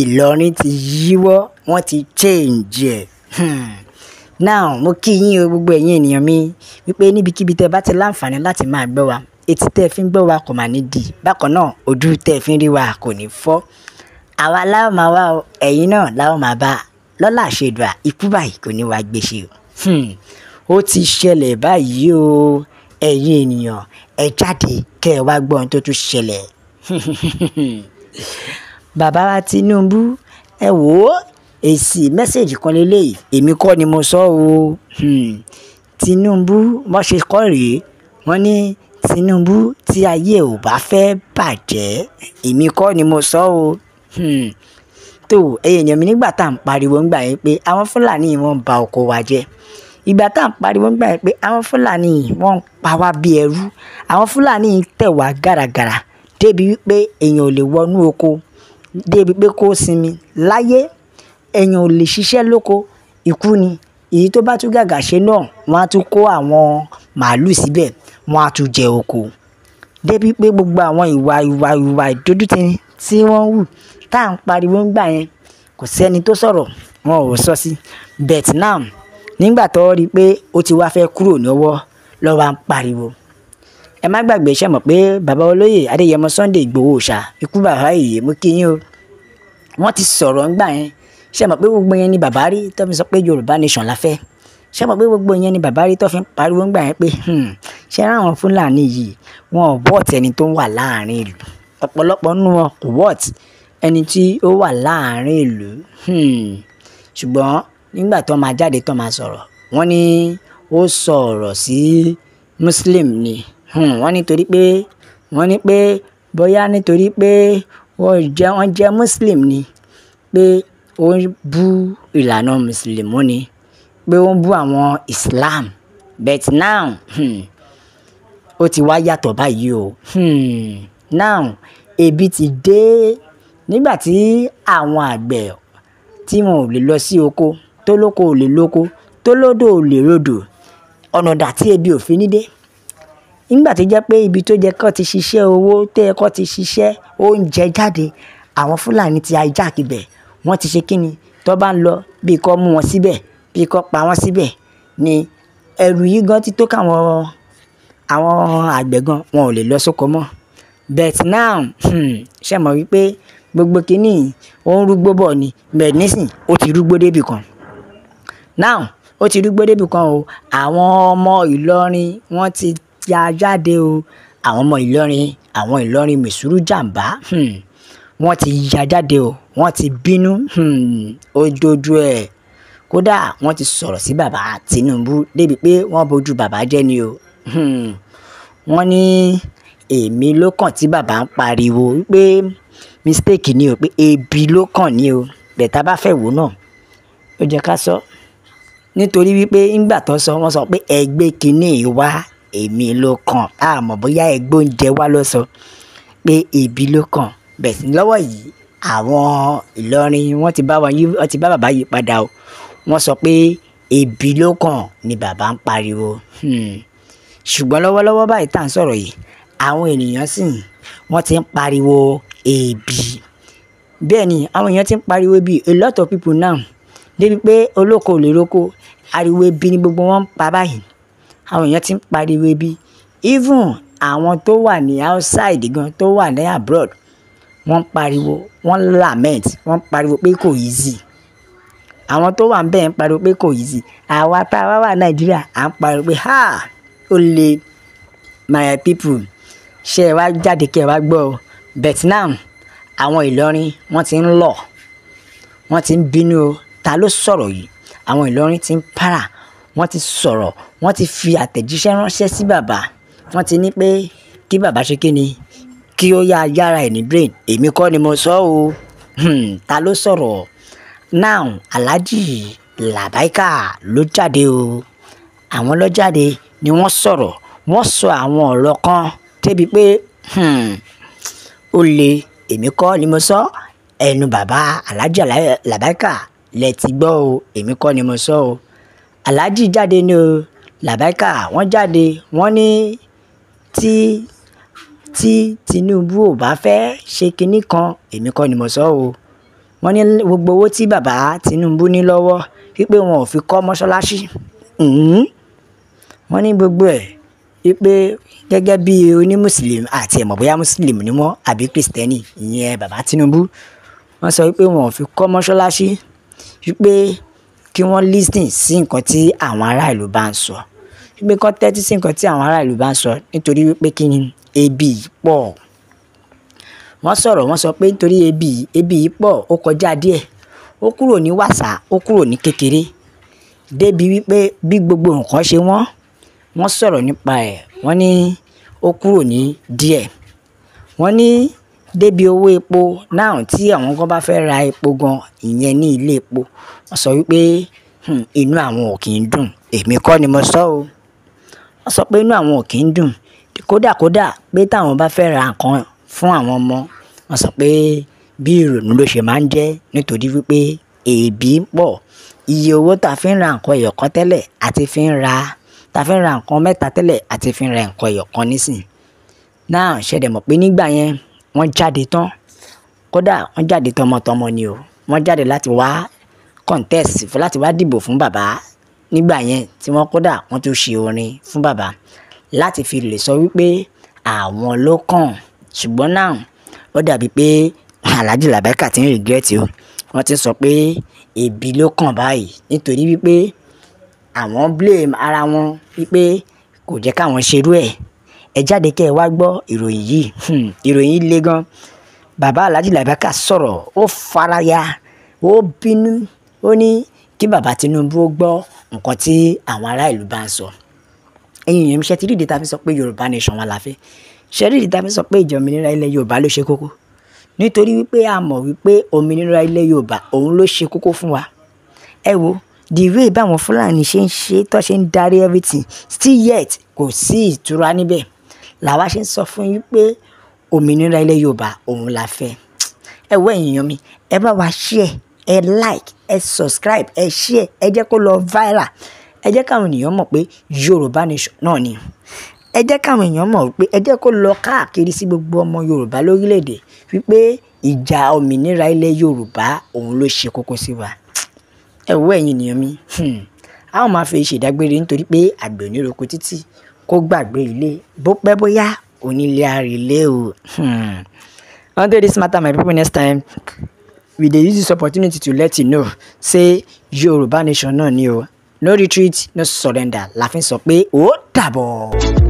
ìlọrin ti yíwọ́ wọ́n ti change ẹ̀. Hmm. now mo kí yín o gbogbo ẹ̀yin ènìyàn mi wípé níbikíbi tẹ́ bá ti láǹfààní láti máa gbọ́ wa etí tẹ́ fi ń gbọ́ wa kò mà ní di bákan náà ojú tẹ́ fi ń rí wa kò ní fọ́ àwa láwọn máa wá o ẹ̀yin náà láwọn máa bá lọ́lá àṣẹdùà ikú báyìí kò ní wàá gbèsè o. Hmm ó ti ṣẹlẹ̀ báyìí o ẹ̀yin ènìyàn ẹ jáde kẹ́ ẹ wá gbọ́ ohun tó tún ṣẹlẹ̀. bàbá wa Tinubu ẹ wò ó èsì mẹ́sẹ̀gì kan lélẹ́yìí èmi kọ́ ni mo sọ o hmm. Tinubu wọ́n ṣe kọ́ rèé wọ́n ní Tinubu tí ayé ò bá fẹ́ bàjẹ́ èmi kọ́ ni mo sọ o hmm. tó èèyàn mi nígbà tá à ń pariwo ńgbà yẹn pé àwọn Fúlàní wọn ba oko wa jẹ́ ìgbà tá à ń pariwo nígbà yẹn pé àwọn fúlàní yìí wọ́n ń pa wá bí ẹrú àwọn fúlàní yìí ń tẹ̀ wá gàràgàrà débi wípé èèyàn ò lè wọnú oko débi pé kó sinmi láyé èèyàn ò lè ṣiṣẹ́ lóko ikú ni èyí tó bá tún gàgà ṣe náà wọ́n á tún kó àwọn màálù síbẹ̀ wọ́n á tún jẹ oko débi pé gbogbo àwọn ìwà ìwà ìwà ìdójútì tí wọ́n hù tá à ń pariwo nígbà yẹn kò sẹ́ni tó sọ̀rọ̀ wọn ò sọ sí bet now Nígbà tó rí pé ó ti wá fẹ́ kúrò lọ́wọ́ ló wá ń pariwo. Ẹ má gbàgbé ṣẹ̀ mọ̀ pé bàbá olóyè Adéyẹmọ Sunday Ìgbòho Òòṣà ikú bàbá yèyé mo kí yín o. Wọ́n ti sọ̀rọ̀ ńgbà yẹn ṣẹ̀ mọ̀ pé gbogbo yẹn ni bàbá rí tó fi sọ pé Yorùbá nation la fẹ́ ṣé mọ̀ pé gbogbo yẹn ni bàbá rí tó fi ń pariwo yẹn pé hmm, ṣé ráwọn fúlàní yìí wọn ò wọ́ọ̀tì ẹni tó wà láàrin ìlú ọ̀pọ̀lọpọ̀ nínú wọn kò wọ́ọ̀tì ẹni tí ó wà láàrin ìlú hmm, ṣùgbọ́n nígbà tó máa jáde tó máa sọ̀rọ̀ wọ́n ní ó sọ sí muslim ni hmm, wọ́n nítorí pé wọ́n ní pé bóyá nítorí pé wọ́n jẹ́ wọ́n jẹ́ muslim ni pé ó ń bú ìlànà mùsùlùmí ni pé ó ń bú àwọn islam but now hmm, ó ti wá yàtọ̀ báyìí o hmm, now ebi ti dé nígbà tí àwọn àgbẹ̀ tí wọn ò lè lọ sí oko tólóko ò lè lóko tólódò ò lè rodò ọ̀nà dà tí ebi ò fi ní dé nígbà tó jẹ́ pé ibi tó jẹ́ kán ti ṣiṣẹ́ owó tó yẹ kán ti ṣiṣẹ́ oúnjẹ jáde àwọn fúlàní ti hijack ibẹ̀ wọ́n ti ṣe kíni tó bá ń lọ bí kò mú wọn síbẹ̀ bí kò pa wọn síbẹ̀ ni ẹrù yìí gan ti tó káwọn àwọn àgbẹ̀ gan wọn ò lè lọ sóko mọ́ but now hmm, ṣe mọ̀ wípé gbogbo kínní ó ń rúgbó bọ̀ ni but nísìn ó ti rúgbó débì kan now ó ti rúgbó débì kan o àwọn ọmọ ìlọrin wọ́n ti ya jáde o àwọn ọmọ ìlọrin àwọn ìlọrin mẹ̀sùrù jàǹbá hmm. wọ́n ti ya jáde o wọ́n ti bínú hmm. ó dojú ẹ̀ kódà wọ́n ti sọ̀rọ̀ sí bàbá Tinubu débi pé wọ́n bójú bàbá jẹ́ ni o hmm. wọ́n ní èmi ló kàn tí bàbá ń pariwo pé mistake ni o pé ebi ló kàn ni o bẹ̀tà bá fẹ́ wò náà ó jẹ́ ká sọ. So nítorí wípé ńgbà tó sọ wọ́n sọ pé ẹgbẹ́ kínní wá èmi ló kàn àmọ́ bóyá ẹgbẹ́ oúnjẹ wá ló sọ pé èbí ló kàn bẹ́ẹ̀ sì lọ́wọ́ yìí àwọn Ìlọrin wọ́n ti bá wọn yí wọ́n ti bá bàbá yìí padà o wọ́n sọ pé èbí ló kàn ni bàbá ń pariwo hmm. ṣùgbọ́n lọ́wọ́lọ́wọ́ báyìí tá à ń sọ̀rọ̀ yìí àwọn ènìyàn sì wọ́n ti ń pariwo èbí bẹ́ẹ̀ ni àwọn èèyàn ti ń pariwo bíi a lot of people now débi pé olóko ò lè roko ariwo ebi ni gbogbo wọn ń pa báyìí àwọn èèyàn ti ń pariwo ebi even àwọn tó wà ní outside gan tó wà ní abroad wọ́n ń pariwo wọ́n lament wọ́n ń pariwo pé kò easy àwọn tó wà ń bẹ̀ ń pariwo pé kò easy àwa tá a wá wà nàìjíríà à ń pariwo pé ha ó le my people ṣe ẹ wá jáde kí ẹ wá gbọ́ ọ vietnam àwọn ìlọrin wọ́n ti ń lọ wọ́n ti ń bínú o ta ló sọ̀rọ̀ yìí àwọn Ìlọrin ti ń para wọ́n ti sọ̀rọ̀ wọ́n ti fi àtẹ̀jíṣẹ́ ránṣẹ́ sí bàbá wọ́n ti ní pé kí bàbá ṣe kíni kí ó yá yára ẹ̀ brain èmi kọ́ ni mo sọ o hmm, ta ló sọ̀rọ̀ now Alhaji Labaika ló jáde o àwọn ló ni wọ́n sọ̀rọ̀ wọ́n sọ àwọn ọ̀rọ̀ kan débi pé hmm, ó le èmi kọ́ ni mo sọ ẹnu bàbá Alhaji Labaika lẹ ti gbọ́ o èmi kọ́ ni mo sọ o aláàjì jáde ni o làbáìkà wọ́n jáde wọ́n ní tí tí Tinubu ò bá fẹ́ ṣe kinní kan èmi kọ́ ni mo sọ o wọ́n ní gbogbo owó tí bàbá Tinubu ní lọ́wọ́ wípé wọn ò fi kọ́ mọ́ṣáláṣí wọ́n ní gbogbo ẹ̀ wípé gẹ́gẹ́ bí onímùsùlùmí àti ẹ̀mọ̀ bóyá mùsùlùmí ni wọ́n àbí kìrìsìtẹ́nì ìyẹn bàbá Tinubu wọ́n sọ wípé wọn ò fi kọ́ mọ́ṣáláṣí wípé kí wọ́n listen sí nǹkan tí àwọn ará ìlú bá ń sọ. Wípé kí wọ́n tẹ́tí sí nǹkan tí àwọn ará ìlú bá ń sọ nítorí wípé kí ni ebi pọ̀. Wọ́n sọ̀rọ̀ wọ́n sọ pé nítorí ebi, ebi pọ̀ ó kọjá díẹ̀. Ó kúrò ní wàsà, ó kúrò ní kékeré. Débi wípé bí gbogbo nǹkan ṣe wọ́n, wọ́n sọ̀rọ̀ nípa ẹ̀. Wọ́n ní ó kúrò ní díẹ̀. Wọ́n ní débi owó epo now tí àwọn kan bá fẹ́ ra epo gan, ìyẹn ní ilé epo, wọ́n sọ wípé, hmm, inú àwọn ò kí ń dùn." Èmi kọ́ ni mo sọ o. Wọ́n sọ pé inú àwọn ò kí ń dùn. Kódàkódà pé tí bá fẹ́ ra nǹkan fún àwọn ọmọ, wọ́n sọ pé bí ìrònú ló ṣe máa ń jẹ́ nítorí wípé ebi ń pọ̀. Iye owó ta fi ń ra nǹkan ẹyọ tẹ́lẹ̀ àti fi ń ra, ta fi ń ra nǹkan mẹ́ta tẹ́lẹ̀ àti fi ń ra nǹkan ẹyọ kan nísìnyí. Now, mọ̀ pé nígbà yẹn wọ́n jáde tán kódà wọ́n jáde tọmọtọmọ ni o wọ́n jáde láti wá contest láti wá dìbò fún bàbá nígbà yẹn tí wọ́n kódà wọ́n tún ṣe orin fún bàbá láti fi lè sọ wípé àwọn ló kàn ṣùgbọ́n náà ó dàbí pé Alhaji Labaika ti ń regret o wọ́n ti sọ pé ebi ló kàn báyìí nítorí wípé àwọn blame ara wọn wípé kò jẹ́ káwọn ṣerú ẹ̀ ẹ jáde kẹ́ ẹ wá gbọ́ ìròyìn yìí hmm, ìròyìn yìí le gan bàbá Alhaji Labakat sọ̀rọ̀ ó faraya ó bínú ó ní kí bàbá Tinubu ó gbọ́ nǹkan tí àwọn ará ìlú bá ń sọ ẹ̀yin èèyàn ṣe ti rí ìdí tá a fi sọ pé Yorùbá nation wà láfẹ́ ṣe rí ìdí tá a fi sọ pé ìjọ òmìnira ilẹ̀ Yorùbá ló ṣe kókó nítorí wípé a mọ̀ wípé òmìnira ilẹ̀ Yorùbá òun ló ṣe kókó fún wa ẹ wo the way báwọn Fúlàní ṣe ń ṣe tó ṣe ń darí everything still yet kò sí ìtura níbẹ̀ làwa ṣe ń sọ fún yín pé òmìnira ilẹ̀ yorùbá òun la fẹ́ ẹ wọ èèyàn mi ẹ bá wa share ẹ like ẹ subscribe ẹ share ẹ jẹ́ kó lọ viral ẹ jẹ́ káwọn ènìyàn mọ̀ pé yorùbá nation náà ni ẹ jẹ́ káwọn èèyàn mọ̀ pé ẹ jẹ́ kó lọ káàkiri sí gbogbo ọmọ yorùbá lórílẹ̀‐èdè wípé ìjà òmìnira ilẹ̀ yorùbá òun ló ṣe kókó sí wa ẹ wọ ẹ̀yin mi hmm, a máa fi ṣèdágbére nítorí pé àgbẹ̀ ò roko títì kó gbàgbé ilé bó pẹ́ bóyá onílé àrèlé o. Hmm. until this matter my people next time we dey use this opportunity to let you know say Yorùbá nation náà ni o no retreat no surrender la fi sọ pé ó dàbọ̀.